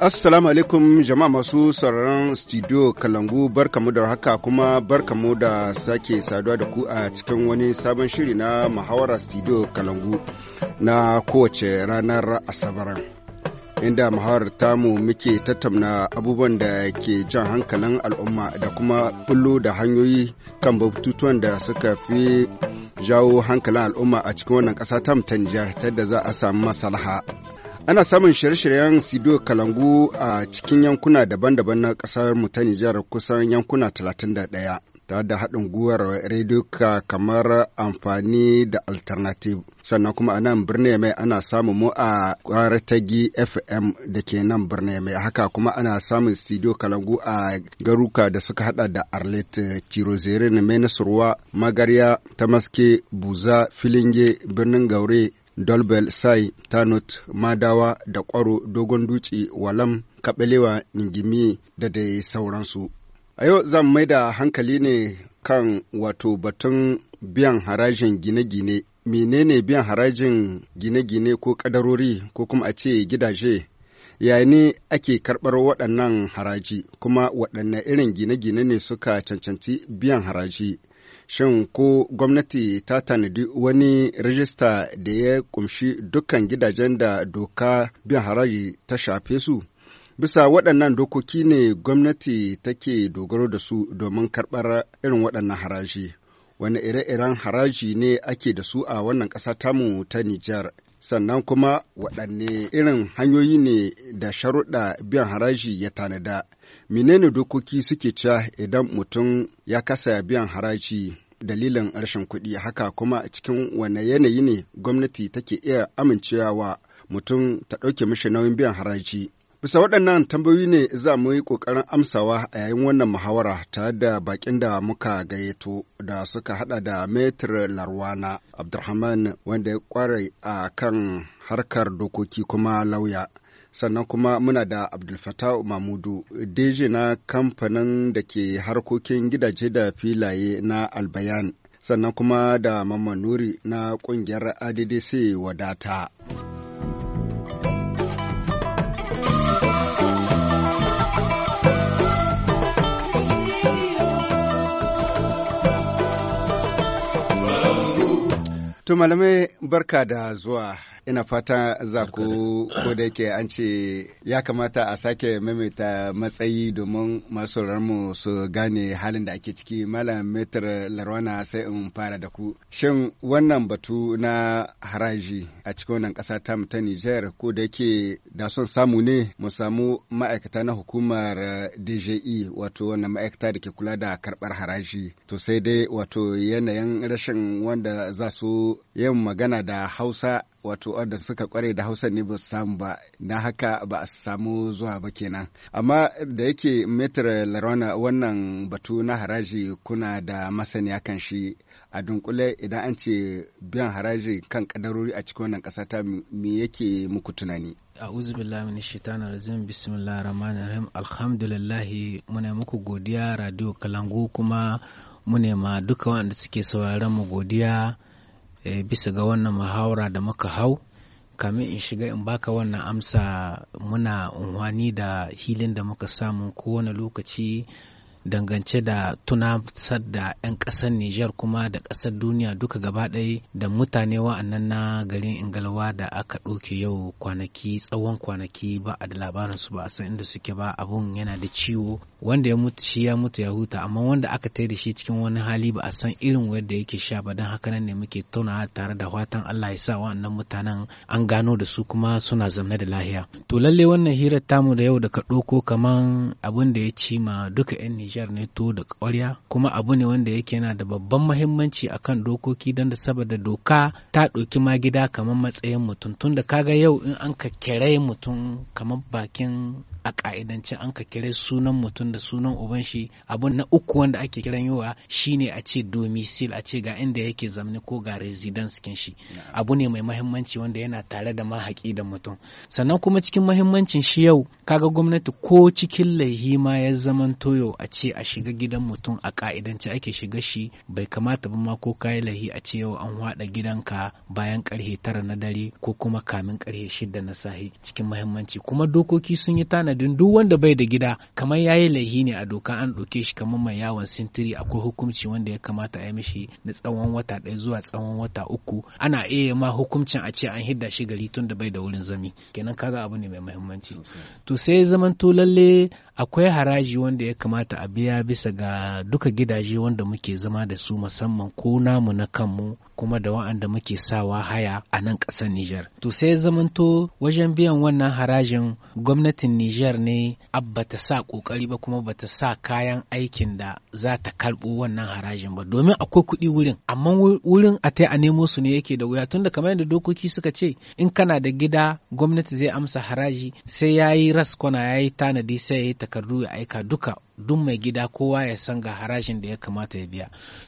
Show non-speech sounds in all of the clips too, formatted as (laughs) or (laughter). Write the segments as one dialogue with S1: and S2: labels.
S1: Assalamu alaikum jama'a masu sauraron studio Kalangu barkamu da haka kuma barkamu da sake saduwa da ku a cikin wani sabon shiri na muhawara studio Kalangu na kowace ranar Asabar. Inda muhawarar tamu muke tattauna abubuwan da ke jan hankalin al'umma da kuma bullo da hanyoyi kan batutuwan da suka fi jawo hankalin al'umma a cikin wannan kasa ta mutane ta da za a samu masalaha. Ana samun shirye-shiryen Sido Kalangu a cikin yankuna daban-daban na kasar mu ta Nijar kusan yankuna 31. ta da haɗin guwar reduka kamar amfani da alternative sannan kuma a nan birnin mai ana samun mu a kwaratagi fm da ke nan birnin mai haka kuma ana samun studio kalangu a garuka da suka hada da arlet chirozerin mai nasurwa magarya tamaske buza filinge birnin gaure dolbel sai tanut madawa da kwaro dogon duci walam kabelewa ningimi da dai sauransu a yau zan mai da hankali ne kan wato batun biyan harajin gine-gine menene biyan harajin gine-gine ko kadarori ko kuma a ce gidaje yayi ne ake karɓar waɗannan haraji kuma waɗanne irin gine-gine ne suka cancanci biyan haraji Shin ko gwamnati ta tanadi wani rajista da ya kumshi dukkan gidajen da doka biyan haraji ta shafe su? Bisa waɗannan dokoki ne gwamnati take dogaro da su domin karɓar irin waɗannan haraji. Wani ire-iren haraji ne ake da su a wannan ƙasa tamu ta Nijar? sannan kuma waɗanne irin hanyoyi ne da sharuɗa biyan haraji ya tanada menene dokoki suke cewa idan mutum ya kasa biyan haraji dalilin rashin kuɗi haka kuma cikin wane yanayi ne gwamnati take iya amincewa wa mutum ta ɗauke mishi nauyin biyan haraji bisa waɗannan tambayoyi ne za mu yi ƙoƙarin amsawa a yayin wannan muhawara tare da baƙin da muka gayyato da suka hada da metr larwana abdulrahman wanda ya kware a kan harkar dokoki kuma lauya sannan kuma muna da abdulfatah mamudu deje na kamfanin da ke harkokin gidaje da filaye na albayan sannan kuma da mamman nuri na kungiyar addc wadata To malamai barka da zuwa ina fata za ku ko da yake an ce ya kamata a sake maimaita matsayi domin masu mu su gane halin da ake ciki malam metar larwana sai in fara da ku shin wannan batu na haraji a cikin wannan ƙasa ta ta niger ko da yake da son samu ne mu samu ma'aikata na hukumar dji e, wato wannan ma'aikata da ke kula da karɓar haraji to sai dai wato yanayin rashin wanda za su yin magana da hausa wato wanda suka kware da hausa ne ba su samu ba na haka ba a samu zuwa ba kenan amma da yake metr larona wannan batu na haraji kuna da masaniya kan shi a dunkule idan an ce biyan haraji kan kadarori a cikin wannan kasa ta me yake muku
S2: tunani a'udhu billahi minash shaitani rajim bismillahir rahmanir rahim alhamdulillah muna muku godiya radio kalangu kuma mu ma duka wanda suke sauraron mu godiya e bisa ga wannan muhawara da muka hau kamin in shiga in baka wannan amsa muna unwani da hilin da muka samu kowane lokaci dangance da tunasar da 'yan kasar Nijar kuma da ƙasar duniya duka gaba ɗaya da mutane wa'annan na garin Ingalwa da aka ɗauke yau kwanaki tsawon kwanaki ba a da labarin su ba a san inda suke ba abun yana da ciwo wanda ya mutu shi ya mutu ya huta amma wanda aka tai da shi cikin wani hali ba a san irin wanda yake sha ba don haka nan ne muke tauna tare da fatan Allah ya sa wa'annan mutanen an gano da su kuma suna zaune da lahiya to lalle wannan hirar tamu da yau da ka ɗauko kaman abun da ya ci ma duka 'yan Nijar ne to da ƙwarya kuma abu ne wanda yake yana da babban mahimmanci akan dokoki don da saboda doka ta ɗauki ma gida kamar matsayin mutum tun da kaga yau in an ka kira mutum kamar bakin a ka'idance an ka kira sunan mutum da sunan uban shi abu na uku wanda ake kiran yawa shine a ce domicile a ce ga inda yake zamani ko ga residence kin shi abu ne mai mahimmanci wanda yana tare da mahaƙi da mutum sannan kuma cikin mahimmancin shi yau kaga gwamnati ko cikin laihi ma ya zaman toyo a ce ce a shiga gidan mutum a ka'idance ake shiga shi bai kamata ba ma ko kayi lahi a ce yau an waɗa gidanka bayan karhe tara na dare ko kuma kamin karhe shida na sahi cikin mahimmanci kuma dokoki sun yi tanadin duk wanda bai da gida kamar yayi lahi ne a doka an ɗauke shi kamar mai yawon sintiri akwai hukunci wanda ya kamata a yi mishi na tsawon wata ɗaya zuwa tsawon wata uku ana iya ma hukuncin a ce an hidda shi gari tun da bai da wurin zami kenan kaga abu ne mai mahimmanci to sai zaman to lalle akwai haraji wanda ya kamata a biya bisa ga duka gidaje wanda muke zama da su musamman ko namu na kanmu kuma da wa'anda muke sawa haya a nan ƙasar Nijar. To sai zamanto wajen biyan wannan harajin gwamnatin Nijar ne abba ta sa ƙoƙari ba kuma bata sa kayan aikin da za ta karɓo wannan harajin ba domin akwai kuɗi wurin amma wurin a ta a nemo su ne yake da wuya tunda kamar yadda dokoki suka ce in kana da gida gwamnati zai amsa haraji sai ya yi kwana ya yi tanadi sai ya yi takardu ya aika duka duk mai gida kowa ya san ga harajin da ya kamata ya biya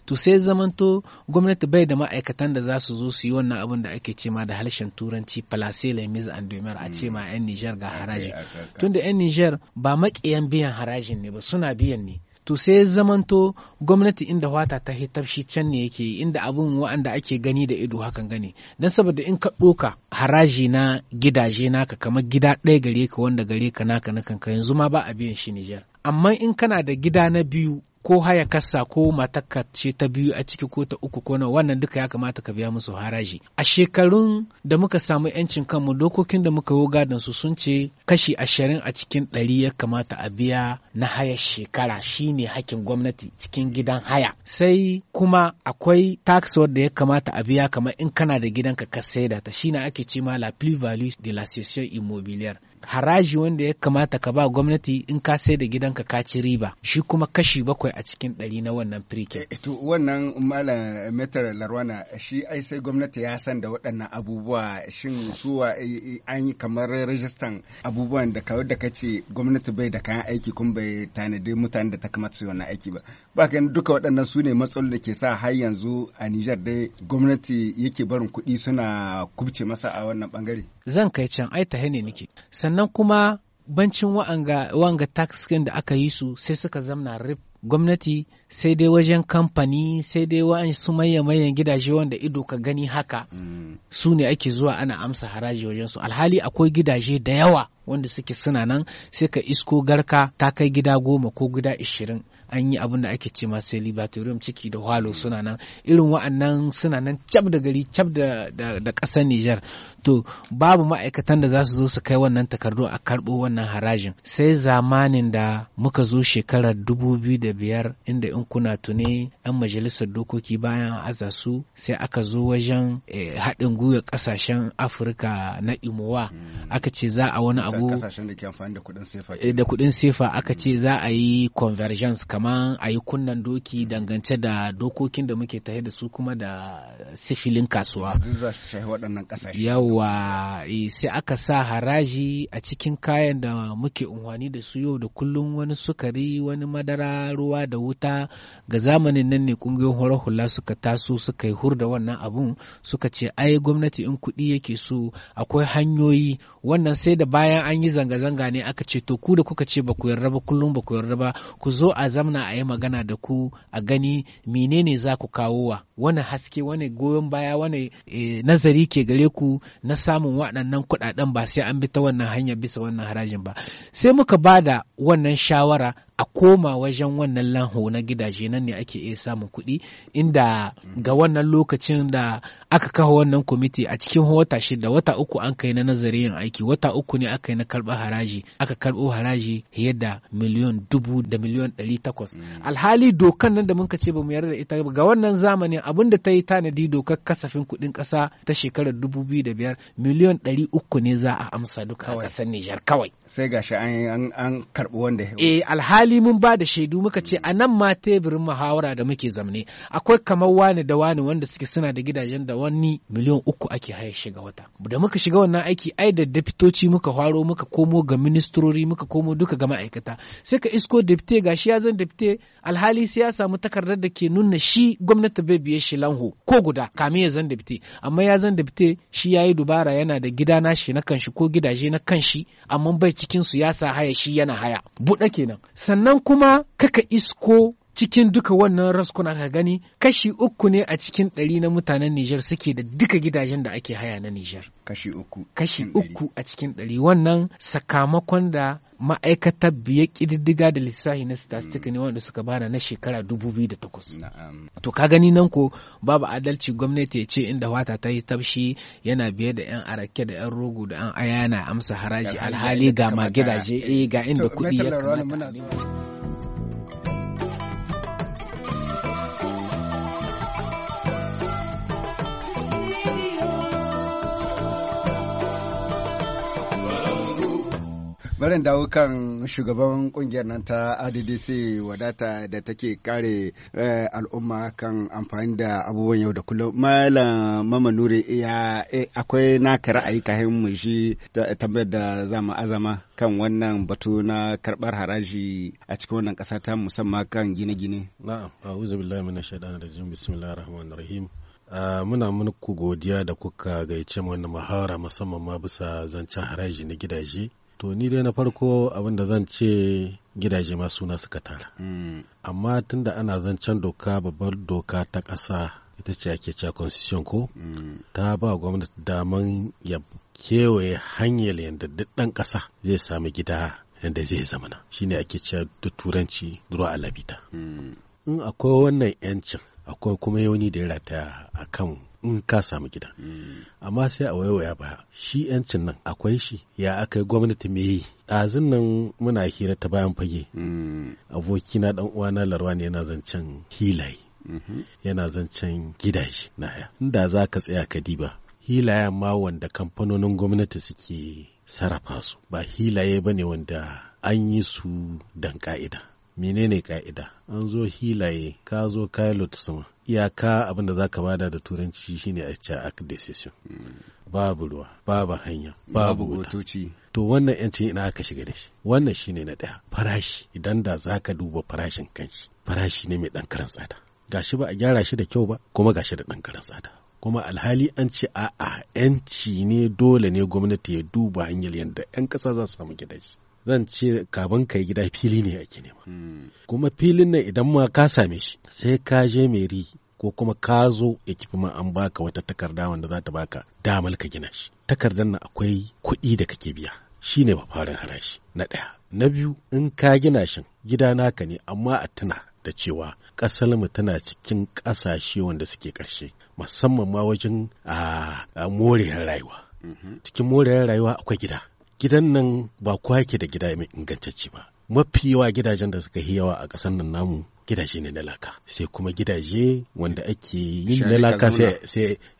S2: to sai zamanto gwamnati bai da ma'aikatan da za su zo su yi wannan abin da ake cema da harshen turanci place la mise en demeure a ce ma hmm. yan Niger ga haraji tunda yan Niger ba makiyan biyan harajin ne ba suna biyan ne to sai zamanto gwamnati inda wata ta hitafshi can ne yake inda abun wa'anda ake gani da ido hakan gani don saboda in ka ɗoka haraji na gidaje naka kamar gida ɗaya gare ka wanda gare ka naka na kanka yanzu ma ba a biyan shi Nijar amma in kana da gida na biyu ko haya kasa ko matakka ce ta biyu a ciki ko ta uku ko na wannan duka ya kamata ka biya musu haraji a shekarun da muka samu yancin kanmu dokokin da muka yi gadon su sun ce kashi ashirin a cikin ɗari ya kamata a biya na haya shekara shine hakin gwamnati cikin gidan haya sai kuma akwai tax wadda ya kamata a biya kamar in kana da gidanka ka saida ta shine ake ce ma la plus value de la immobilière haraji wanda ya kamata ka ba gwamnati in ka sai da gidanka ka ci riba shi kuma kashi bakwai a cikin ɗari na wannan firikin. Eh, eh,
S1: to wannan malam metar larwana shi ai sai gwamnati ya san da waɗannan abubuwa shin suwa eh, an yi kamar rajistan abubuwan da kawai da kace gwamnati bai da kayan aiki kuma bai tanadi mutane da ta kamata su yi wannan aiki ba ba kai duka waɗannan su ne matsalolin da ke sa har yanzu a Nijar
S2: dai gwamnati yake barin kuɗi suna kubce masa a wannan bangare. zan kai can ai ta ne nake sannan kuma bancin wa'anga tax da aka yi su sai suka zamna rip gwamnati sai dai wajen kamfani sai dai wa'an su mayan gidaje wanda ido ka gani haka mm. su ne ake zuwa ana amsa haraji wajen su alhali akwai gidaje da yawa wanda suke suna nan sai ka isko garka ta kai gida goma ko gida ishirin an yi abin da ake ce ma celibatorium ciki da hwalo mm. suna nan irin wa'annan suna nan cab da gari cab da, da, ƙasar Nijar to babu ma'aikatan da za su zo su kai wannan takardu a karɓo wannan harajin sai zamanin da muka zo shekarar dubu biyu da biyar inda in kuna tune 'yan majalisar dokoki bayan aza sai aka zo wajen eh, haɗin gwiwa ƙasashen afirka na imowa hmm. aka ce za a wani abu
S1: da eh,
S2: kuɗin sefa aka ce hmm. za a yi convergence kamar a yi kunnan doki hmm. dangance da dokokin da muke tare da su kuma da sifilin kasuwa yawa eh, sai aka sa haraji a cikin kayan da muke unhwani da su yau da kullum wani sukari wani madara ruwa da wuta ga zamanin nan ne kungiyoyin horar hula suka taso suka yi hurda wannan abun suka ce ai gwamnati in kuɗi yake so akwai hanyoyi wannan sai da bayan an yi zanga-zanga ne aka ce to ku da kuka ce ba ku yarda ba kullum ba ku yarda ba ku zo a zamna a yi magana da ku a gani menene za ku kawo wa wani haske wani goyon baya wani eh, nazari ke gare ku na samun waɗannan kuɗaɗen ba sai an bi ta wannan hanya bisa wannan harajin ba sai muka ba da wannan shawara a koma wajen wannan lanho na gidaje nan ne ake iya samun kuɗi inda ga wannan lokacin da aka kawo wannan kwamiti a cikin wata shida wata uku an kai na nazari yin aiki wata uku ne aka yi na karɓar haraji aka karɓo haraji fiye da miliyon dubu da miliyon ɗari takwas mm. alhali dokan nan da muka ce bamu yarda da ita ga wannan zamanin abin da ta yi tanadi dokar kasafin kuɗin ƙasa ta shekarar dubu biyu da biyar miliyon ɗari uku ne za a amsa duka a ƙasar Nijar kawai sai ga an an karɓo wanda eh alhali mun ba da shaidu muka ce a nan ma teburin muhawara da muke zamne akwai kamar wani da wani wanda suke suna da gidajen da wani miliyan uku ake haya shiga wata da muka shiga wannan aiki ai da deputoci muka faro muka komo ga ministrori muka komo duka ga ma'aikata sai ka isko Ga gashi ya zan dafite alhali sai ya samu takardar da ke nuna shi gwamnati bai biye shi lanho ko guda kame ya zan dafite amma ya zan dafite shi ya yi dubara yana da gida na shi na kanshi ko gidaje na kanshi amma bai cikin su ya sa haya shi yana haya buɗe kenan sannan kuma kaka isko cikin duka wannan raskuna ka gani kashi uku ne a cikin ɗari na mutanen Nijar suke da duka gidajen da ake haya na Nijar. Kashi uku. Kashi uku a cikin ɗari wannan sakamakon da ma'aikatar biye ƙididdiga da lissahi na statistics ne mm. wanda suka bada na shekara dubu 2008. To ka gani nan ko babu adalci gwamnati ya ce inda wata ta yi tabshi yana biye da 'yan arake da 'yan rogo da 'yan aya na amsa haraji alhali ga ma gidaje eh ga inda kuɗi ya kamata.
S1: barin dawo kan shugaban kungiyar nan ta addc wadata da take kare eh, al'umma kan amfani da abubuwan yau da kullum malam mama nuri ya eh, akwai naka ra'ayi kayan mu shi tambayar da zama azama kan wannan batu na karbar haraji a cikin wannan kasa ta musamman kan gine-gine
S3: Uh, muna muku godiya da kuka gaice mu wannan muhawara musamman ma bisa zancen haraji na gidaje to ni dai na farko abin da zan ce gidaje ma suna suka tara mm. amma tunda ana zancen doka babbar doka ta ƙasa ita ce ake cewa constitution ko mm. ta ba gwamnati daman ya kewaye hanyar yadda duk ɗan ƙasa zai sami gida yadda zai zamana shine ake cewa da turanci zuwa alabita mm. in akwai wannan yancin akwai kuma yauni da ya rataya a kan in ka samu gida amma sai a waiwaya ba shi yancin nan akwai shi ya aka yi gwamnati me yi ɗazin nan muna hira ta bayan fage abokina dan uwana larwa ne yana zancen hilaye yana zancen gidaje na haya inda za ka tsaya ka diba hilaye ma wanda kamfanonin gwamnati suke sarrafa su ba hilaye ba ne wanda an yi su dan ka'ida menene ka'ida an zo hilaye ka zo kayi sama iyaka abin da za ka bada da turanci shine a ce ak decision babu ruwa babu hanya babu gotoci to wannan yancin ina aka shiga da shi wannan shine na daya farashi idan da za ka duba farashin kanshi farashi ne mai dan karan tsada gashi ba a gyara shi da kyau ba kuma gashi da dan karan tsada kuma alhali an ce a'a yanci ne dole ne gwamnati ya duba hanyar yadda 'yan ƙasa za su samu gidaje zan ce kaban kai gida fili ne ake nema hmm. kuma filin nan idan ma ka same shi sai ka je meri ko kuma ka zo ya kifi ma an baka wata takarda wanda za ta baka damar ka gina shi takardar nan akwai kuɗi da kake biya shi ne farin harashi na ɗaya na biyu in ka gina shi gida naka ne amma a tuna da cewa mu tana cikin ƙasashe wanda suke ƙarshe musamman ma wajen a ah, ah, moriyar rayuwa mm-hmm. cikin moriyar rayuwa akwai gida gidan nan ba kowa yake da gida mai ingantacce ba mafi yawa gidajen da suka yi yawa a kasar nan namu gidaje ne na laka sai kuma gidaje wanda ake yi na laka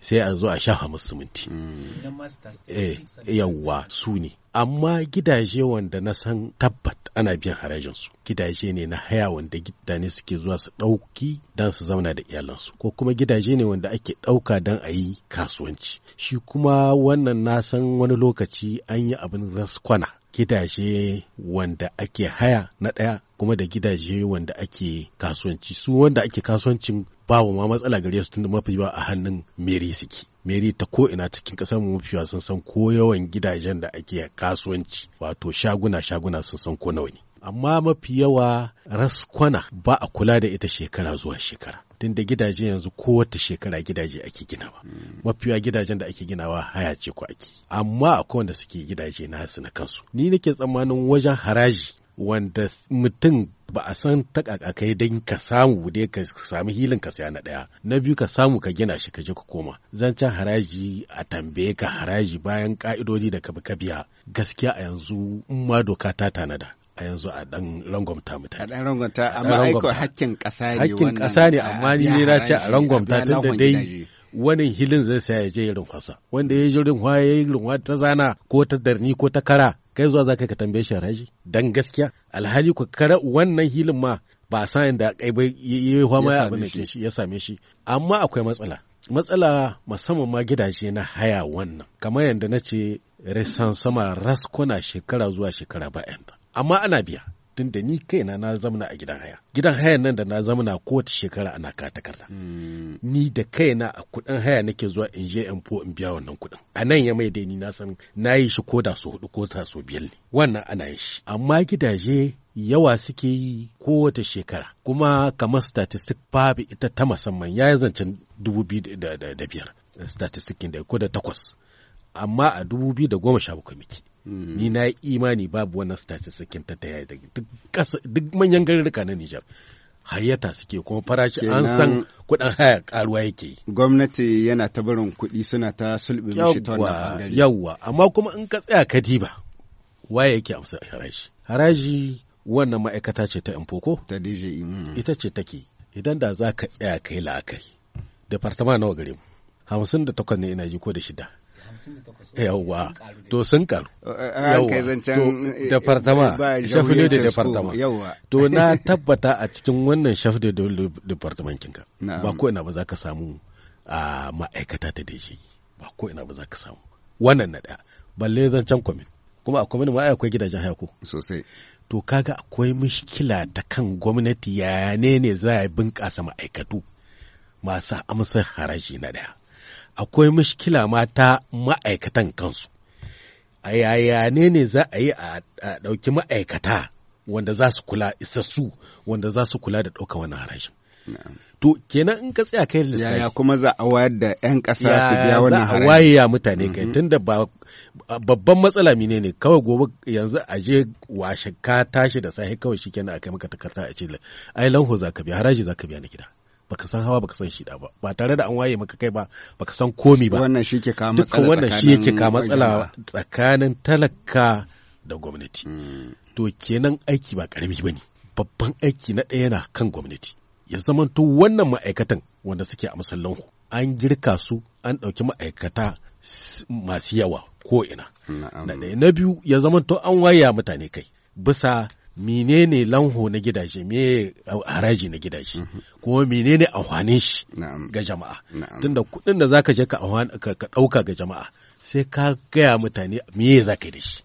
S3: sai a zo a shafa musu minti
S2: hmm.
S3: eh, yawwa su ne amma gidaje wanda na san tabbat ana biyan harajin su gidaje ne na haya wanda gidane suke zuwa su ɗauki don su zauna da iyalansu ko kuma gidaje ne wanda ake ɗauka don a yi kasuwanci shi kuma wannan na san wani lokaci an yi abin raskwana gidaje wanda ake haya na ɗaya kuma da gidaje wanda ake kasuwanci su wanda ake kasuwancin babu ma matsala gare su tunda mafi ba a hannun meri suke meri ta ko ina cikin kasar mu mafi sun san ko yawan gidajen da ake kasuwanci wato shaguna shaguna sun san ko nawa ne amma mafi yawa raskwana ba a kula da ita shekara zuwa shekara tun da gidaje yanzu kowace shekara gidaje ake ginawa hmm. mafiya gidajen da ake ginawa haya ce ko ake amma akwai wanda suke gidaje nasu na kansu ni nake tsammanin wajen haraji wanda mutum ba a san takakakai don ka samu dai ka sami hilin ka saya na ɗaya na biyu ka samu ka gina shi ka je ka koma zancen haraji a tambaye ka haraji bayan ka'idodi da ka biya gaskiya a yanzu in ma doka ta tanada a yanzu a dan rangwamta mutane. A dan rangwamta amma aiko
S1: hakkin ƙasa ne Hakkin ƙasa ne amma ni ne na ce a rangwamta tun da dai
S3: wani hilin zai saya ya je irin kwasa. wanda ya yi rinwa ya yi irin ta zana ko ta darni ko ta kara kai zuwa za ka tambaye shi haraji dan gaskiya alhali ku kara wannan hilin ma ba a san inda kai bai yi hwama ya abin da shi ya same shi amma akwai matsala matsala musamman ma gidaje na haya wannan kamar yadda na ce resan sama raskuna shekara zuwa shekara bayan amma ana biya tun da ni kaina na zamana a gidan haya gidan haya nan da na zamana kowace shekara ana ka takarda hmm. ni da kaina a kudin haya nake zuwa in je in fo in biya wannan kudin a nan ya mai dai ni na san na yi shi koda da hudu ko ta su biyar ne wannan ana yin shi amma gidaje yawa suke yi kowace shekara kuma kamar statistic babu ita ta musamman ya yi zancen dubu biyu da biyar statistic da ko da takwas amma a dubu biyu da goma sha bakwai muke Mm-hmm. ni na yi imani babu wannan statistics ta da duk manyan garuruka na Nijar hayyata suke kuma farashi an san kuɗin haya karuwa yake gwamnati yana ta barin kuɗi suna ta sulɓe mishi ta wannan yawwa amma kuma in ka tsaya ka diba waye yake amsa haraji haraji wannan ma'aikata ce ta infoko ta DJI e, mm-hmm. ita ce take idan da za ka tsaya kai la'akari Departement nawa gare mu hamsin da takwas ne ina ji ko da shida yawwa to sun karu
S1: eh, yawwa to eh, eh, departama shafido da departama to na
S3: tabbata a cikin wannan shafido da departament kinka ba ko ina ba za ka samu a ma'aikata ta da shi ba ko ina ba za ka samu wannan na ɗaya balle zancen kwamin kuma a kwamin ma akwai gidajen haya ko sosai to kaga akwai mushkila ta kan gwamnati yayane ne za a bunƙasa ma'aikatu masu amsa haraji na ɗaya akwai mishkila mata ta ma'aikatan kansu a yaya ne ne za a yi a ɗauki ma'aikata wanda za su kula isassu wanda za su kula da ɗauka wannan harashin to kenan in ka tsaya kai lissafi yaya
S1: kuma za a wayar
S3: da yan ƙasa su biya wani harashin za a ya mutane kai mm-hmm. tunda da babban matsala mine ne kawai gobe yanzu a je washe ka tashi da sahi kawai kenan a kai maka takarda a ce ai lanho za ka biya haraji za ka biya na gida baka san hawa baka san shida ba ba tare da an waye maka kai ba baka san komi ba wannan shi ke kawo matsala wannan shi yake kawo matsala tsakanin talaka da gwamnati hmm. to kenan aiki ba karami bane babban aiki na ɗaya na kan gwamnati ya zamanto wannan ma'aikatan wanda suke a masallanku an girka su an ɗauki ma'aikata masu yawa ko ina na biyu ya zamanto an waya mutane kai bisa menene lanho na gidaje me haraji na gidaje mhm. kuma menene amfanin shi ga jama'a tunda kuɗin da zaka je ka ɗauka ga jama'a sai ka gaya mutane me za ka yi da shi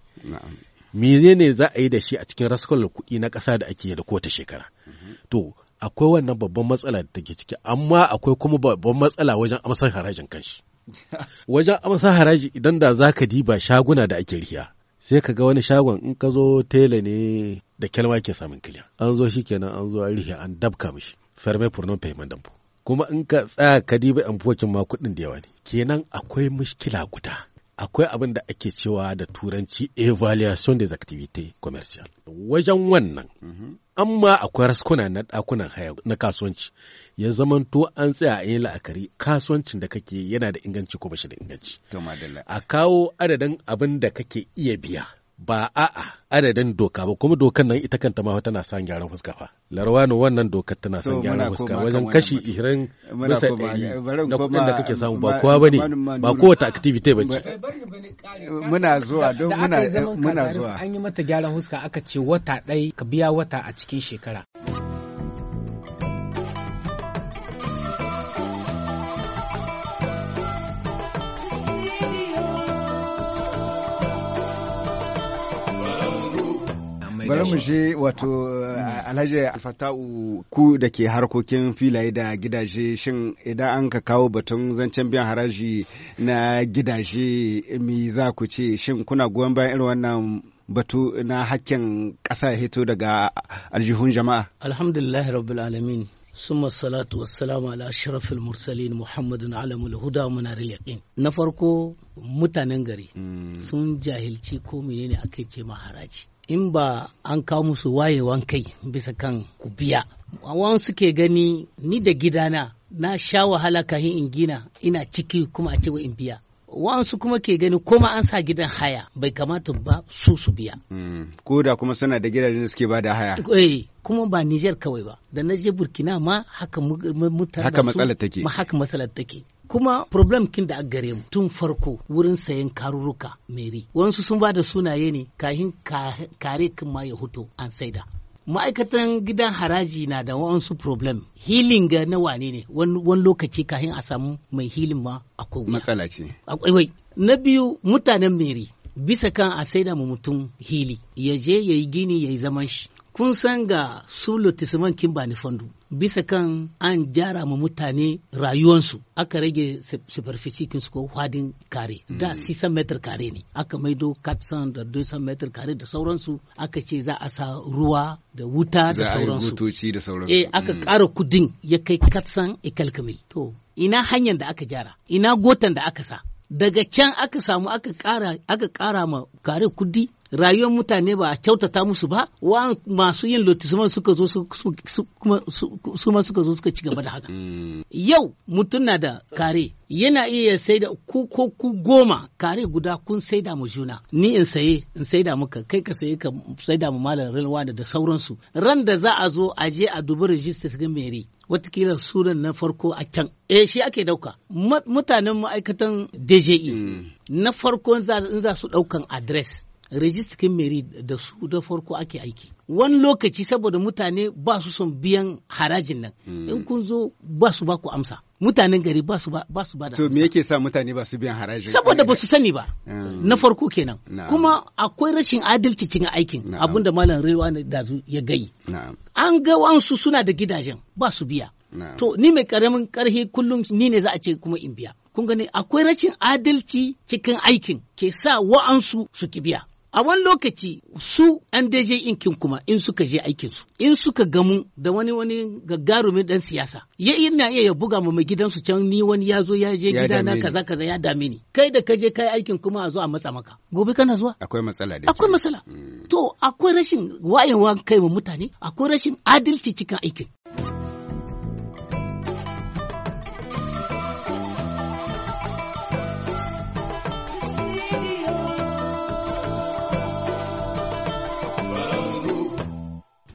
S3: ne za a yi da shi a cikin raskol kuɗi na ƙasa da ake da kowace shekara mhm. to akwai wannan babban matsala da take ciki amma akwai kuma babban matsala wajen amsar harajin kanshi (laughs) wajen amsar haraji idan da zaka diba shaguna da ake riya sai ka ga wani shagon in ka zo tela ne da kyalwa ke samun kiliya an zo shi kenan an zo an rihe an dabka mishi ferme pour non payment dampo kuma in ka tsaya ka diba amfokin ma kuɗin da yawa ne kenan akwai mushkila guda akwai abin da ake cewa da turanci evaluation des activités commerciales wajen wannan mhm. amma akwai raskuna na dakunan haya na kasuwanci ya zamanto an tsaya a yi la'akari kasuwancin da kake yana da inganci ko bashi da inganci a kawo adadin abin da kake iya biya ba a'a adadin doka ba kuma dokan nan ita kanta ma tana san gyaran fuska fa larwano wannan dokar tana san gyaran fuska wajen kashi 20 bisa 100 na kuma da kake samu ba kowa bane ba kowace activity ba ce
S1: muna zuwa don muna muna
S2: zuwa an yi mata gyaran fuska aka ce wata ɗaya ka biya wata a cikin shekara
S4: bari mu
S1: je wato mm. alhaji alfata'u ku da ke harkokin filaye da gidaje shin idan an ka kawo batun zancen biyan haraji na gidaje mi za ku ce shin kuna goyon bayan irin wannan batu na hakkin ƙasa hito daga aljihun jama'a
S5: alhamdulillahi rabbil alamin ثم الصلاة والسلام على أشرف المرسلين محمد علم الهدى منار اليقين na farko mutanen gari mm. sun jahilci ko menene aka ce ma haraji in ba an kawo musu wayewan kai bisa kan ku biya. Wawan suke gani ni da gidana na sha wahala kahin in gina ina ciki kuma a cewa in biya. wa'ansu kuma ke gani koma an sa gidan haya bai kamata ba su su biya.
S1: Hmm. Ko da kuma suna da gidajen da suke ba da haya.
S5: Eh, kuma ba Nijar kawai ba, da na je Burkina ma haka mutane haka matsalar take. kuma problem kin da gare mu tun farko wurin sayan karuruka meri wansu sun ba da sunaye ne kahin kare kin ma ya huto an saida ma'aikatan gidan haraji na da wasu problem healing ga na wane ne wani lokaci kahin a samu mai healing ma
S1: akwai matsala ce
S5: akwai na biyu mutanen meri bisa kan a saida mu mutum hili ya je ya yi gini ya yi zaman shi kun san ga su lotisiman kimbani fandu bisa kan an jara ma mutane rayuwansu aka rage superfici su ko hadin kare mm. da 600 metar kare ne aka maido 400 da 200 metar kare da sauransu aka ce za a sa ruwa da wuta da sauransu eh aka ƙara mm. kudin ya kai 400 e to ina hanyar da aka jara ina gotan da aka sa daga can aka samu aka ƙara aka ƙara ma kare kudi rayuwar mutane ba a kyautata musu ba wa masu yin lotisman suka zo su ma suka zo suka ci gaba da haka mm. yau mutum na da kare yana iya sai da ku ko ku goma kare guda kun sai da mu juna ni in saye in sai da muka kai ka saye ka sai da mu malam rilwa da sauransu ran da za a zo a je a dubi rijistar ga meri watakila sunan na farko a can eh shi ake dauka mutanen ma'aikatan DJI e, mm. na farko in za su daukan adres rijistikin meri da su da farko ake aiki wani lokaci saboda mutane ba su son biyan harajin nan hmm. in kun zo ba su ba ku amsa mutanen gari ba su ba da
S1: to me yake sa mutane ba su biyan harajin saboda
S5: ba su sani ba hmm. na farko kenan kuma akwai rashin adalci cikin aikin abinda malam rewa da ya gayi an ga wansu suna da gidajen ba su biya to ni mai karamin karhi kullum ni ne za a ce kuma in biya kun gani akwai rashin adalci cikin aikin ke sa wa'ansu su ki biya a wani lokaci su an daje inkin kuma in suka je aikinsu, in suka gamu da wani wani gagarumin dan siyasa ya ina iya ya buga ma mai gidansu can ni wani ya zo ya je gida kaza kaza ya dame ni kai da ka je kai aikin kuma a zo a matsa maka gobe kana zuwa akwai matsala da akwai matsala mm. to akwai rashin wayewa kai wa mutane akwai rashin adalci cikin aikin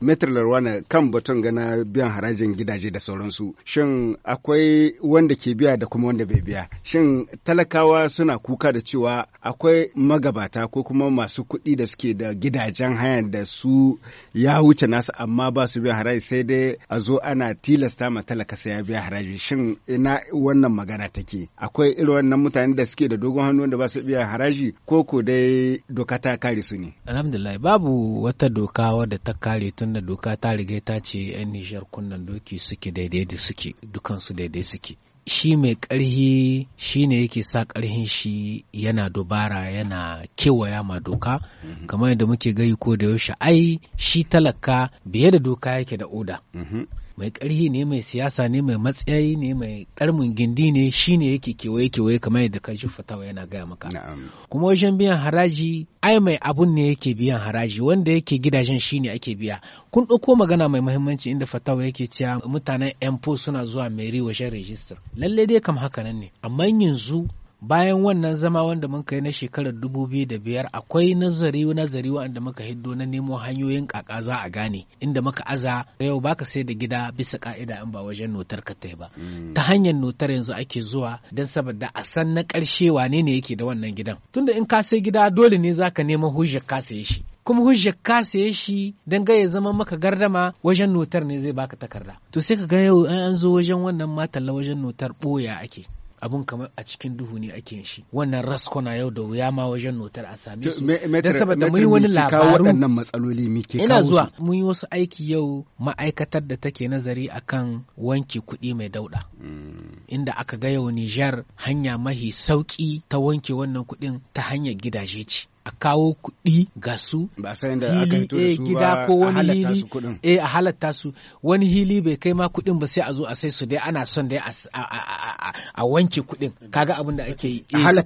S1: Metr Larwana kan batun gana biyan harajin gidaje da sauransu. Shin akwai wanda ke biya da kuma wanda bai biya? Shin talakawa suna kuka da cewa akwai magabata ko kuma masu kuɗi da suke da gidajen haya da su ya wuce nasu amma ba su biyan haraji sai dai a zo ana tilasta ma talaka sai ya biya haraji. Shin ina wannan magana take? Akwai irin wannan mutane da suke da dogon hannu da ba su biya haraji ko ko dai doka ta kare
S2: su ne? Alhamdulillah babu wata doka wadda ta kare tun wannan doka ta riga ta ce 'yan Nijar kunnan doki suke daidai da suke dukansu daidai suke. Shi mai ƙarhi shi ne yake sa ƙarhin shi yana dubara yana kewaya ma doka, mhm. kamar yadda muke gani ko da yaushe ai shi talaka biye da doka yake da oda. Mhm. mai ƙarhi ne mai siyasa ne mai matsayi ne mai ƙarmin gindi ne shine yake kewaye kewaye kamar yadda kan fatawa yana gaya maka kuma wajen biyan haraji ai mai abun ne yake biyan haraji wanda yake gidajen shi ne ake biya kun ɗauko magana mai muhimmanci inda fatawa yake cewa mutanen empo suna zuwa meri wajen rijistar lallai dai kam haka nan ne amma yanzu bayan wannan zama wanda mun kai na shekarar dubu biyu da biyar akwai nazari nazari wanda muka hiddo na nemo hanyoyin kaka za a gane inda muka aza yau baka sai da gida bisa ka'ida in ba wajen notar ka tai ba mm. ta hanyar notar yanzu ake zuwa don saboda a san na karshe wane ne yake da wannan gidan tunda in ka sai gida dole ne zaka nemo hujjar ka saye shi kuma hujjar ka saye shi don ga ya zama maka gardama wajen notar ne zai baka takarda to sai ka ga yau an zo wajen wannan matalla wajen notar ɓoya ake abun kamar a cikin duhu ne ake shi wannan rasko na yau da wuya ma wajen notar a same su don saboda mun yi wani labaru wannan matsaloli muke ina zuwa mun yi wasu aiki yau ma'aikatar da take nazari akan wanki kuɗi mai dauɗa hmm. inda aka ga yau Nijar hanya mahi sauki ta wanke wannan kuɗin ta hanyar gidaje ce a kawo kuɗi ga su hili eh, gida ko wani hili eh, a halatta su wani hili bai kai ma kuɗin ba sai a zo a sai su dai ana son dai a wanke kuɗin kaga abin da ake yi a eh,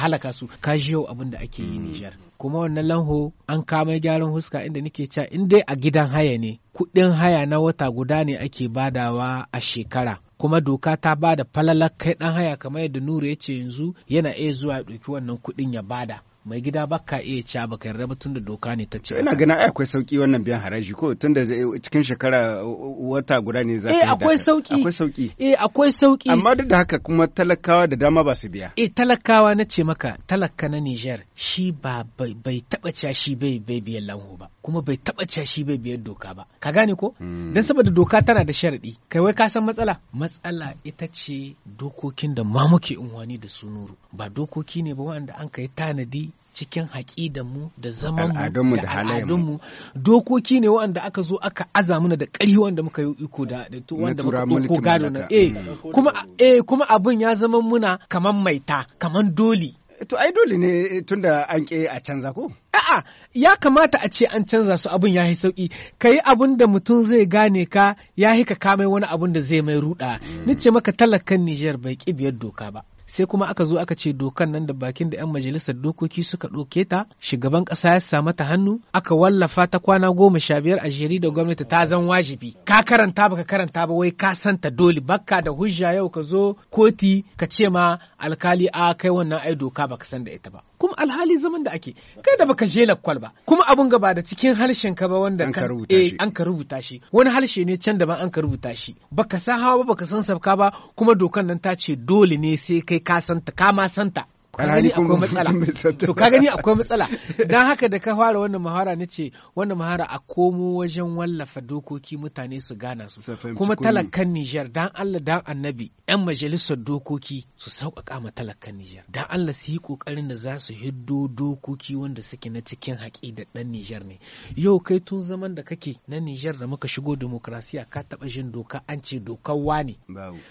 S2: halaka su ka ji yau abin da ake yi hmm. Nijar kuma wannan lanho an kama gyaran huska inda nake cewa in dai a gidan haya ne kuɗin haya na wata guda ne ake badawa a shekara kuma doka ta bada da falalar kai dan haya kamar yadda nuru ya ce yanzu yana iya zuwa ya ɗauki wannan kuɗin ya bada mai gida ba ka iya ca ba ka yarda ba tun da doka ne ta ce ina ganin ai
S1: akwai sauki wannan biyan haraji ko tun da cikin shekara wata guda ne za ka eh akwai sauki akwai sauki
S2: eh akwai sauki amma duk da
S1: haka kuma talakawa da dama ba su biya
S2: eh talakawa na ce maka talaka na Niger shi ba bai taba ca shi bai bai biyan lanho ba kuma bai taba ca shi bai biyan doka ba ka gane ko hmm. dan saboda doka tana da sharadi kai wai ka san matsala matsala ita ce dokokin da ma muke unwani da sunuru ba dokoki ne ba wanda an kai tanadi cikin haƙidanmu da zamanmu da al'adunmu dokoki ne wanda aka zo aka aza mana da ƙarfi wanda muka yi iko da to wanda muka doko gado na eh kuma eh kuma abin ya zama muna kaman maita kaman doli to ai dole ne tunda an ke a canza ko a'a ya kamata a ce an canza su abin ya yi sauki kai abin da mutum zai gane ka ya ka kamai wani abin da zai mai ruda mm. ni ce maka talakan Niger bai ƙi biyar doka ba sai kuma aka zo aka ce dokan nan da bakin da 'yan majalisar dokoki suka ɗauke ta shugaban ƙasa ya samu ta hannu aka wallafa ta kwana goma sha biyar a jeri da gwamnati ta zan wajibi ka karanta baka karanta ba wai ka santa dole bakka da hujja yau ka zo koti ka ce ma alkali a kai wannan ai doka ba ka san da ita ba kuma alhali zaman da ake kai da baka je lakwal ba kuma abun gaba da cikin harshen ka ba wanda an ka rubuta eh, shi an ka rubuta shi wani harshe ne can da ba an ka rubuta shi baka san hawa ba baka san sabka ba kuma dokan nan ta ce dole ne sai kai ka santa ka ma santa to ka gani akwai matsala dan haka da ka fara wannan mahara na ce wannan mahara a komo wajen wallafa dokoki mutane su gana su kuma talakan Nijar dan Allah dan Annabi yan majalisar dokoki su sauƙaƙa ma talakan Nijar dan Allah su yi ƙoƙarin da za su hiddo dokoki wanda suke na cikin haƙi da ɗan Nijar ne yau kai tun zaman da kake na Nijar da muka shigo demokrasiya ka taɓa jin doka an ce dokar ne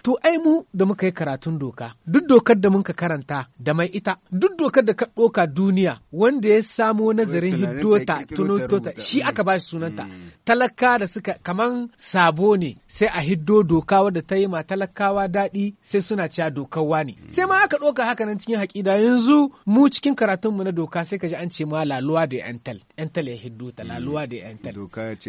S2: to ai mu da muka yi karatun doka duk dokar da muka karanta da mai ita duk dokar da ka ɗoka duniya wanda ya samo nazarin hiddota tunotota shi mm. aka ba shi sunanta mm. talaka da suka kaman sabo ne sai a hiddo doka wadda ta yi ma talakawa daɗi sai suna cewa dokar wani mm. sai ma aka ɗoka haka nan cikin haƙida yanzu mu cikin karatunmu na doka sai ka ji an ce ma laluwa da yantal yantal ya hiddo laluwa da yantal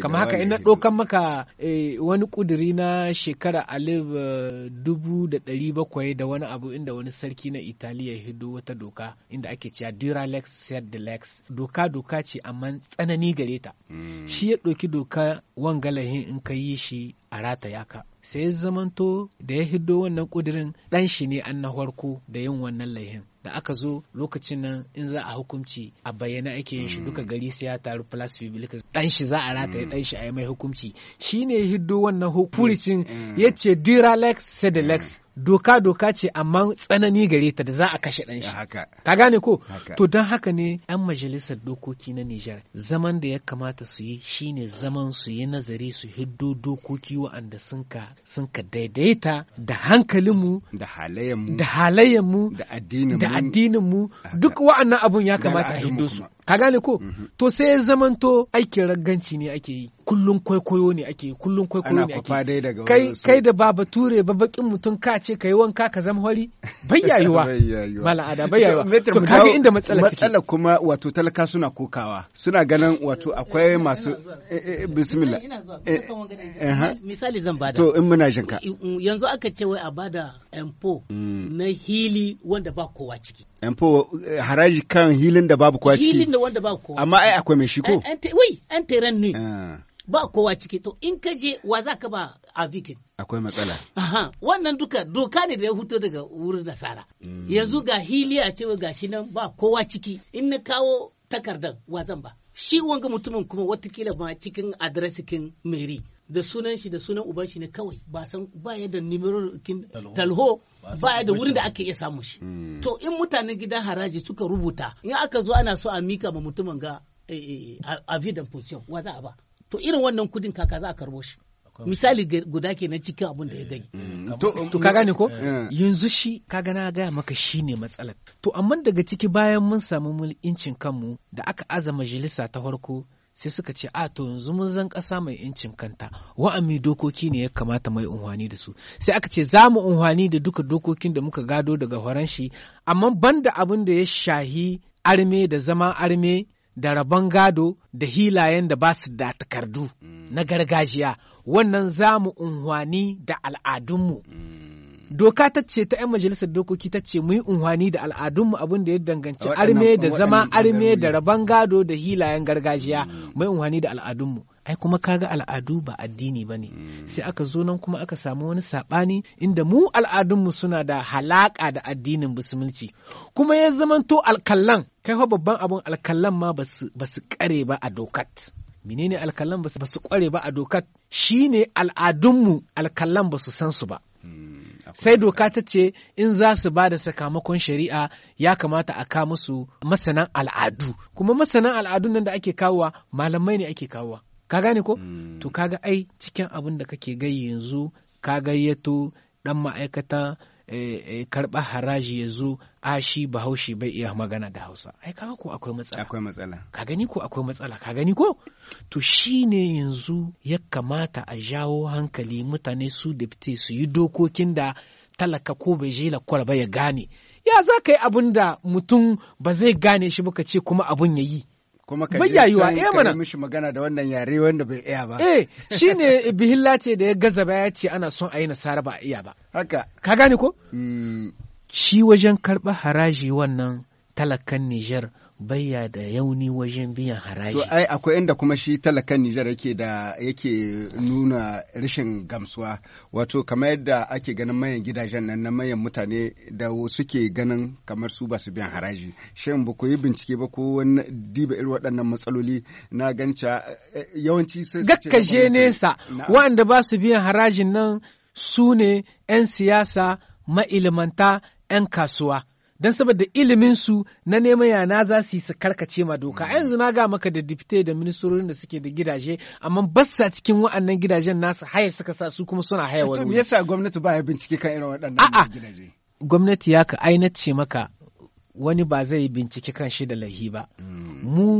S2: kama haka ina ɗokan maka eh, wani ƙuduri na shekara alif eh, dubu da ɗari bakwai da wani abu inda wani sarki na italiya ya hiddo wata doka inda ake cewa lex set the lex doka doka ce amma tsanani gare ta hmm. shi ya ɗauki doka wangalahin in ka yi shi a rataya ka sai ya zamanto da ya hiddo wannan ƙudirin ɗan shi ne an na farko da yin wannan laihin da aka zo lokacin nan in za a hukunci a bayyana ake yin shi hmm. duka gari sai ya taru plus biblical ɗan shi za a ya hmm. ɗan shi a yi mai hukunci ya hiddo wannan ce yace lex sedelex doka doka ce amma tsanani gare ta da za a kashe ɗan shi ka gane ko to don haka ne 'yan majalisar dokoki na Nijar zaman da ya kamata su yi shine zaman su yi nazari su hiddo dokoki wa'anda sun ka sun ka daidaita da hankalinmu da halayenmu da addininmu duk wa'annan abun ya kamata a hiddo su ka gane ko mhm. to sai zamanto aikin ragganci ne ake yi kullum kwaikwayo ne ake yi kullum kwaikwayo ne ake kai kai da ba bature ba bakin mutum ka ce kai wanka ka zama hori bayyayuwa (laughs) mala'ada bayyayuwa (laughs) to ga inda matsala
S1: matsala kuma wato talaka suna kokawa suna ganin wato akwai masu bismillah
S5: misali zan bada
S1: to in muna jinka
S5: yanzu aka ce wai a bada empo mm. na hili wanda ba kowa ciki
S1: Yan fo eh, haraji kan hilin da babu kowa ciki. Hilin da
S5: wanda babu kowa. Amma ai akwai mai shi ko? Wai, an teren ne. Ah. Ba kowa ciki to in ka je wa za ka ba a vikin. Akwai matsala. Aha, wannan duka doka ne da ya huto daga wurin nasara. Mm. Yanzu ga hili a cewa ga shi nan ba kowa ciki in na kawo takardar wa zan ba. Shi wanga mutumin kuma watakila ma cikin adiresikin meri. da sunan shi da sunan uban shi ne kawai ba san ba yadda da numero talho baya da wurin da aka iya samu shi hmm. to in mutanen gidan haraji suka rubuta in aka zo ana so a mika ma mutumin ga eh, eh, eh, avidan position wa za a ba to irin wannan kudin kaka za a karbo shi misali guda ke na cikin abin da ya gani.
S4: Hmm. Hmm. To ka gane ko?
S5: Yanzu shi ka gana gaya
S2: maka shi ne matsalar. To amma daga ciki bayan mun samu mulkincin kanmu da aka aza majalisa ta farko sai suka ce a to yanzu mun zan ƙasa mai incin kanta wa'ami dokoki ne ya kamata mai unhwani da su sai aka ce za mu unhwani da duka dokokin da muka gado daga shi amma banda abin da ya shahi arme da zama arme da rabon gado da hilayen da ba su da takardu mm. na gargajiya wannan za mu unhwani da al'adunmu mm. doka ta ce ta 'yan majalisar dokoki ta ce mu yi unhwani da al'adunmu abin da ya danganci arme da zama arme da rabon gado da hilayen gargajiya mu yi unhwani da al'adunmu ai kuma kaga al'adu ba addini ba ne mm. sai aka zo nan kuma aka samu wani saɓani inda mu al'adunmu suna da halaka da addinin musulunci kuma ya zamanto alkallan kai fa babban abun alkallan ma ba su kare ba a dokat menene alkallan ba su kware ba a dokat shine al'adunmu alkallan ba su san su ba mm. sai doka ta ce in za su ba da sakamakon shari'a ya kamata a ka musu masanan al'adu kuma masanan al'adun nan da ake kawowa malamai ne ake kawowa ka gane ko hmm. to kaga ai cikin abin da kake gai yanzu ka gayyato dan ma'aikata Eh, eh, karɓa haraji ya zo a shi bahaushe bai iya magana da hausa ai kaga ko akwai matsala akwai matsala ka gani ko akwai matsala ka gani ko to shine yanzu ya kamata a jawo hankali mutane su dipte su yi dokokin da talaka ko bai je lakwal ba ya gane ya za ka yi abun da mutum ba zai gane shi ba ka ce kuma abun ya yi kuma ka bayyayuwa eh mana
S1: mishi magana da wannan yare wanda bai iya ba eh
S2: (laughs) shine bihilla ce da ya gaza ya ce ana son a yi nasara ba a iya ba haka ka gane ko mm. shi wajen karɓa haraji wannan talakan Nijar bayya da yauni wajen biyan haraji. To
S1: ai akwai inda kuma shi talakan Nijar yake da yake nuna rashin gamsuwa wato kamar yadda ake ganin mayan gidajen nan na mayan mutane da suke ganin kamar su ba su biyan haraji. Shin ba ku yi bincike ba ko wani diba irin waɗannan
S2: matsaloli na ganca eh, yawanci sai gakkaje nesa waɗanda ba su biyan harajin nan su ne 'yan siyasa ma'ilmanta 'yan kasuwa. don saboda iliminsu na neman yana za su yi su karkace ma doka a hmm. yanzu na ga maka da dipte da ministorin da suke da gidaje amma ba sa cikin wa'annan gidajen nasu haya suka sa su kuma suna haya wani me yasa gwamnati ba ya bincike kan irin waɗannan gidaje gwamnati ya ka ce maka wani ba zai bincike kan shi da lahi ba hmm. mu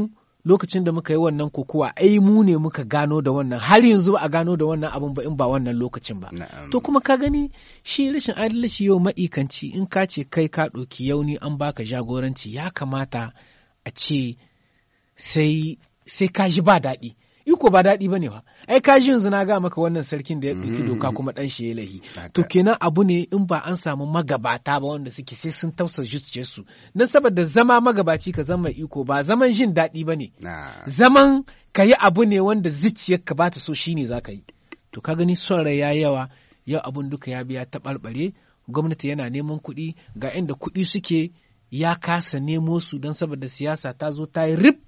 S2: lokacin da muka yi wannan kokowa ai mu ne muka gano da wannan har yanzu ba a gano da wannan abun ba in ba wannan lokacin ba to kuma ka gani shi rashin adalci yau ma'ikanci in ka ce kai ka ɗoki yauni an baka jagoranci ya kamata a ce sai sai ka ji ba daɗi iko ba daɗi bane ba ai ka yanzu na ga maka wannan sarkin da ya ɗauki mm-hmm. doka kuma ɗan shi ya lahi to kenan abu ne in ba an samu magabata ba wanda suke sai sun tausa zuciyar su nan saboda zama magabaci ka zama iko ba zaman jin daɗi bane zaman ka yi abu ne wanda zuciyar ka bata ta so shine za ka yi to ka gani son rai ya yawa yau abun duka ya biya ta taɓarɓare gwamnati yana neman kuɗi ga inda kuɗi suke ya kasa nemo su don saboda siyasa ta zo ta yi rip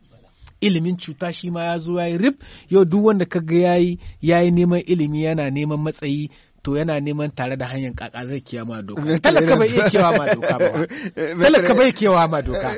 S2: ilimin cuta shi ma ya zo ya yi rib yau duk wanda ka ga yi ya yi neman ilimi yana neman matsayi to yana neman tare da hanyar kaka zai kiyama ma doka talaka bai iya kiyawa ma doka ba (laughs) talaka bai kiyawa ma doka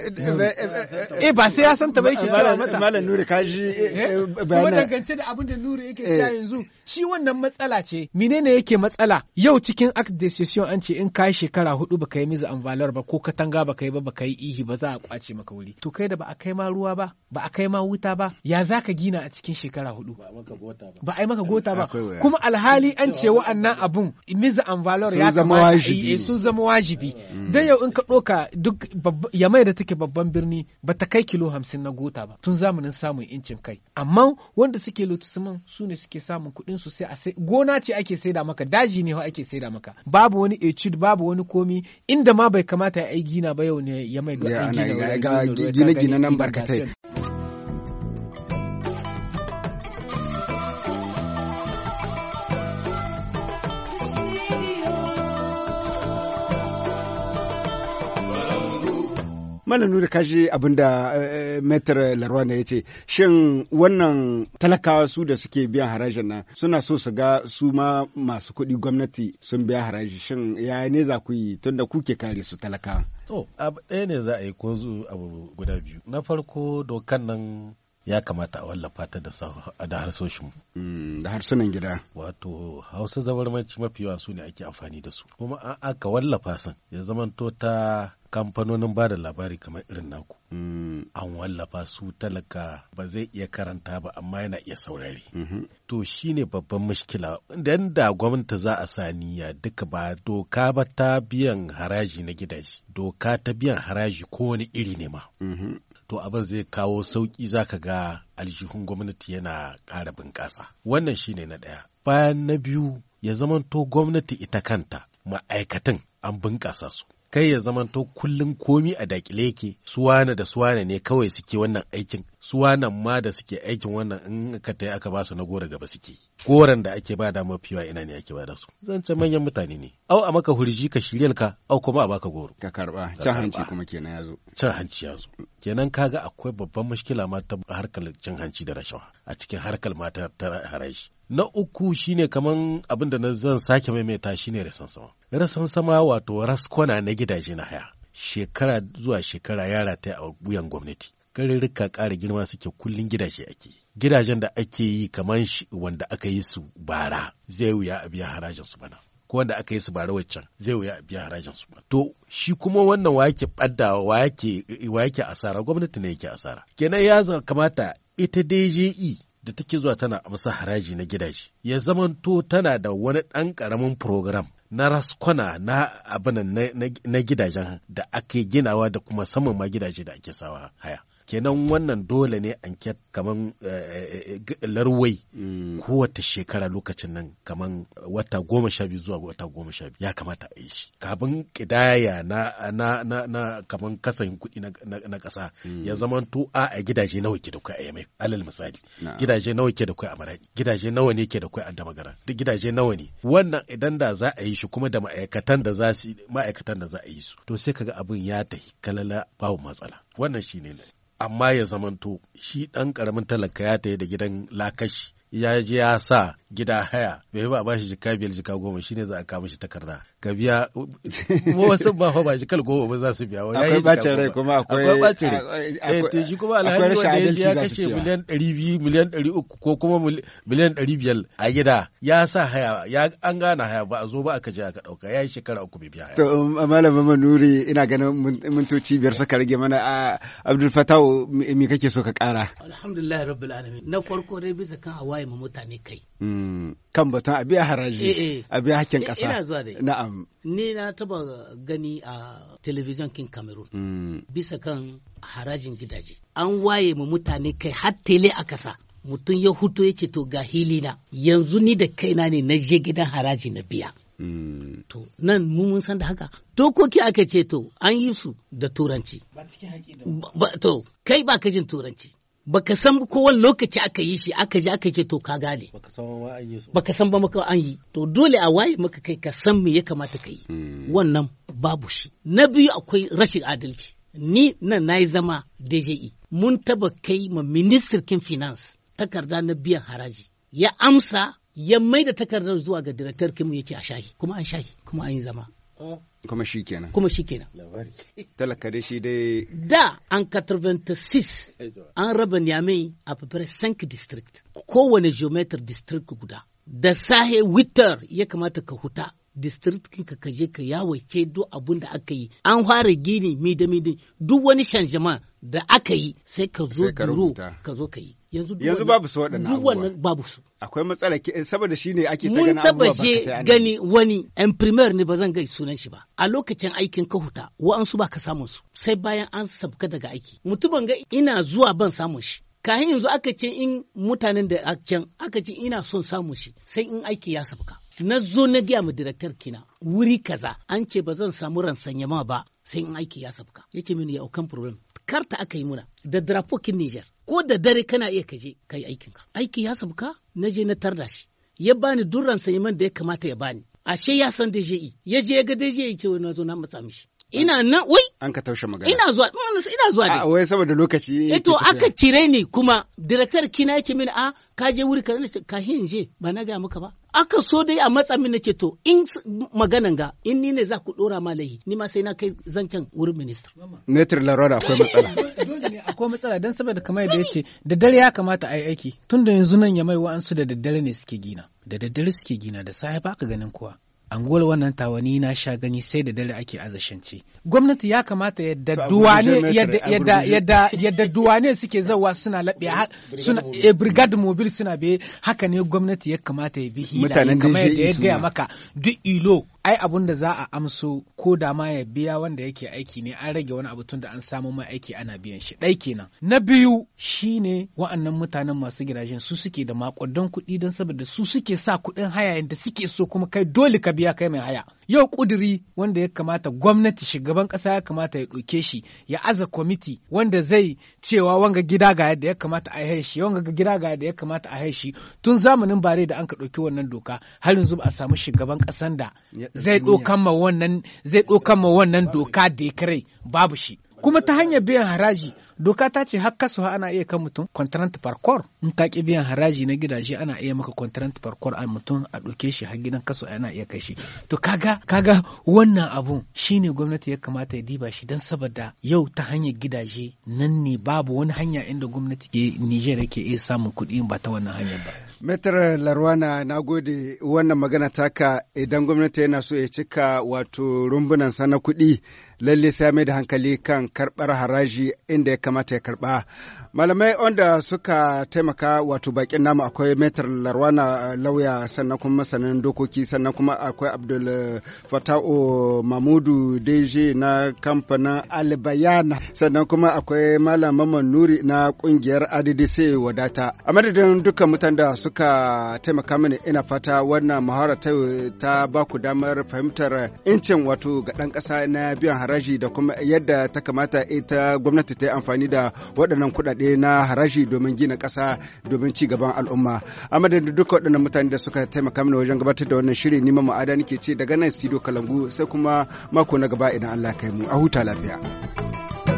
S2: eh ba sai ya san ta bai kiyawa mata malam nuri kaji eh, eh, bayanan wannan gance da abin da nuri yake ta eh. yanzu shi wannan matsala ce menene yake matsala yau cikin act decision an ce in kai shekara hudu baka yi miza anvalar ba ko katanga baka yi ba baka yi ihi ba za a kwace maka wuri to kai da ba a kai ma ruwa ba ba a kai ma wuta ba ya zaka gina a cikin shekara hudu ba a yi maka gota ba kuma alhali an ce wa'annan wannan abun miza an valor ya zama wajibi su zama wajibi mm. dan yau in ka doka duk yamai da take babban birni ba ta kai kilo hamsin na gota ba tun zamanin samun incin kai amma wanda suke lotusuman su ne suke samun kuɗin su sai a sai gona ce ake saida maka daji ne ake saida maka babu wani etude babu wani komi inda ma bai kamata ya yi gina ba yau ne ya mai da gina gina nan barkatai
S1: malam nuna kashi abin da eh, metar na ya ce shin wannan talakawa su da suke biyan harajin nan suna so su ga su ma masu kuɗi gwamnati sun biya haraji shin ya ne za ku yi tunda kuke kare su talakawa.
S3: to abu ɗaya ne za a yi ko abu guda biyu na farko dokan nan ya kamata a wallafa ta da da harsoshin mm, da harsunan gida wato hausa zabarmanci mafi yawa su ne ake amfani da su kuma an aka wallafa san ya zamanto ta kamfanonin ba da labari kamar irin naku mm. an wallafa su talaka ba zai iya karanta ba amma yana iya saurari mm-hmm. to shi ne babban mashkila idan da gwamnati za a ya duka ba doka ba ta biyan haraji na gidaje doka ta biyan haraji kowane iri ne ma mm-hmm. to abin zai kawo sauƙi zaka ga aljihun gwamnati yana ƙara bunƙasa wannan shi ne na ɗaya bayan na biyu ya zamanto gwamnati ita kanta ma'aikatan an bunƙasa su kai ya zamanto kullum komi a dakile yake suwana da suwana ne kawai suke wannan aikin su wannan ma da suke aikin wannan in ka tayi aka ba su na gora gaba suke goran da ake ba da mafiwa ina ne ake ba da su zan ce manyan mutane ne au a maka hurji ka shiryal ka au kuma a baka goro ka karba cin hanci kuma kenan ya zo cin hanci ya zo kenan kaga akwai babban mashkila ma ta harkar cin hanci da rashawa a cikin harkar mata ta haraji na uku shine kaman abin da na zan sake maimaita shine rasan sama rasan sama wato raskona na gidaje na haya shekara zuwa shekara yara ta a wuyan gwamnati garurruka ƙara girma suke kullun gidaje ake gidajen da ake yi kamar wanda aka yi su bara zai wuya a biya harajin su bana ko wanda aka yi su bara waccan zai wuya a biya harajin su to shi kuma wannan wa yake ɓadda wa yake asara gwamnati ne yake asara kenan ya kamata ita DJE da take zuwa tana amsa haraji na gidaje ya zamanto tana da wani ɗan ƙaramin program na raskwana na abin na gidajen da ake ginawa da kuma saman ma gidaje da ake sawa haya kenan wannan dole ne anket kaman eh, eh, eh, larwai mm. kowace shekara lokacin nan kaman wata goma sha biyu zuwa wata goma sha biyu ya kamata a yi shi kafin kidaya na na na na kaman kasan kuɗi na ƙasa mm. ya zama to a a gidaje nawa ke da kai a yamai alal misali gidaje nawa ke da kai a maradi gidaje nawa ne ke da kai a damagara duk gidaje nawa ne wannan idan da za a yi shi kuma da ma'aikatan da za su ma'aikatan da za a yi su to sai kaga abin ya tahi kalala babu matsala wannan shine amma ya zamanto shi ɗan ƙaramin talaka ya tayi da gidan lakashi ya je ya sa gida haya bai ba bashi jika biyar jika goma shine za a kama shi takarda ka biya (laughs) mu wasu ba fa ba jikal goma ba za su biya wani akwai bacin rai kuma akwai akwai bacin rai eh to shi kuma alhaji wanda ya biya kashe miliyan 200 miliyan 300 ko kuma miliyan 500 a gida ya sa haya ya an gana haya ba a zo ba aka je aka dauka yayi shekara uku bai
S1: biya haya to malama manuri ina ganin mintoci biyar suka rage mana a Abdul Fatawu me kake so ka kara
S5: alhamdulillah rabbil alamin na farko dai bisa kan hawaye mu mutane kai
S1: kan batun a haraji eh, eh. a hakin kasa ina zuwa dai na'am
S5: ni na taba gani a television kin cameroon mm. bisa kan harajin gidaje an waye ma mutane kai har tele a kasa mutum ya huto ya ce to ga hilina yanzu ni da kaina ne na je gidan haraji na biya mm. To nan mun san da haka dokoki aka ce to an yi su da turanci. Ba To kai ba ka jin turanci. baka san ko lokaci aka yi shi aka je aka ce to ka gane baka san ba maka an yi to dole a waye maka kai ka san me ya kamata ka yi hmm. wannan babu shi na biyu akwai rashin adalci ni nan na yi zama DJI e. mun taba kai ma kin finance takarda na biyan haraji ya amsa ya mai da takardar zuwa ga direktar kimu yake a shahi kuma an shahi kuma an yi zama
S1: kuma shi kenan
S5: kuma shi kenan talaka dai shi dai da an 86 an raba niamey a fafare 5 district kowane geometer district guda da sahe witter ya kamata ka huta district kinka ka je ka yawace duk abun da aka yi an fara gini mida midi duk wani shanjama da aka yi sai ka zo ka zo ka yi yanzu babu su waɗannan duk wannan babu su akwai matsala eh, saboda shine ake ta ganin abubuwa ba gani wani imprimer ne ba zan gai sunan shi ba a lokacin aikin kahuta wa'ansu ba ka samun su sai bayan an sabka daga aiki mutumin ga ina zuwa ban samun shi kahin yanzu aka ce in mutanen da aka can aka ce ina son samun shi sai in aiki ya sabka na zo na gaya ma direktar kina wuri kaza an ce ba zan samu ransanyama ba sai in aiki ya sabka yace mini ya aukan problem karta aka yi muna da drapokin Niger ko da dare kana iya kaje ka yi aikinka aiki ya sabuka na je na tarda shi ya bani durran man da ya kamata ya bani ashe ya san yi ya je da je yi ce wani zo na matsa mishi ina na wai
S1: an ka taushe magana ina
S5: zuwa ina
S1: zuwa dai wai saboda lokaci eh to aka
S5: cire ni kuma director kina yace mini a ah, ka je wuri ka ka je ba na ga maka ba aka so dai a matsa mini ce to in maganan ga in ni ne za ku dora ma ni ma sai na kai zancen wurin minista.
S1: Netir larada akwai matsala.
S5: (laughs) Dole akwai matsala don saboda kamar yadda ya ce da
S2: dare ya kamata a yi aiki tun da yanzu nan ya mai wa'ansu da daddare ne suke gina da daddare suke gina da safe ba ka ganin kuwa. angol wannan tawani na sha gani sai da dare ake azashance gwamnati ya kamata yadda duwane yadda suke zawa suna labe suna e brigade suna be eh, haka ne gwamnati ya kamata ya bi hila kamar yadda ya gaya maka duk ilo ai abun da za a amso ko da ma ya biya wanda yake aiki ne an rage wani abu tun da an samu mai aiki ana biyan shi ɗai kenan na biyu shine wa'annan mutanen masu gidajen su suke da maƙudan kuɗi don saboda su suke sa kuɗin haya da suke so kuma kai dole ka biya kai mai haya yau ƙuduri wanda ya kamata gwamnati shugaban ƙasa ya kamata ya ɗauke shi ya aza kwamiti wanda zai cewa wanga gida ga yadda ya kamata a haye shi wanga gida ga yadda ya kamata a haye shi tun zamanin bare da an ka ɗauki wannan doka har yanzu ba a samu shugaban ƙasan da
S4: zai ɗokan
S2: ma wannan zai ɗokan wannan doka dekare babu shi kuma ta hanyar biyan haraji doka ta ce har kasuwa ana iya kan mutum contrant parkour in ka ki biyan haraji na gidaje ana iya maka contrant parkour a mutum a ɗauke shi har gidan kasuwa ana iya kai shi to kaga kaga wannan abun shi ne gwamnati ya kamata ya diba shi don saboda yau ta hanyar gidaje nan ne babu wani hanya inda gwamnati ke Niger yake iya samun kuɗi ba ta wannan hanyar ba
S1: Metar Larwana na gode wannan magana taka idan gwamnati yana so ya cika wato rumbunan sana kuɗi lalle sai mai da hankali kan karɓar haraji inda ya kamata ya karɓa. Malamai wanda suka taimaka wato bakin namu akwai Metar Larwana eh, lauya sannan kuma masanin dokoki sannan kuma akwai Abdul eh, Fata'u Mamudu Deji na kamfanin Albayana sannan kuma akwai Malam Nuri na kungiyar ADDC wadata. A madadin dukkan mutan da suka taimaka mini ina fata wannan muhawara ta baku damar fahimtar incin wato ga ɗan ƙasa na biyan haraji da kuma yadda ta kamata ita gwamnati ta yi amfani da waɗannan kuɗaɗe na haraji domin gina ƙasa domin ci gaban al'umma a madadin duka waɗannan mutane da suka taimaka mana wajen gabatar da wannan shiri nima ma'ada nake ce daga nan sido kalangu sai kuma mako na gaba idan allah kai mu a huta lafiya.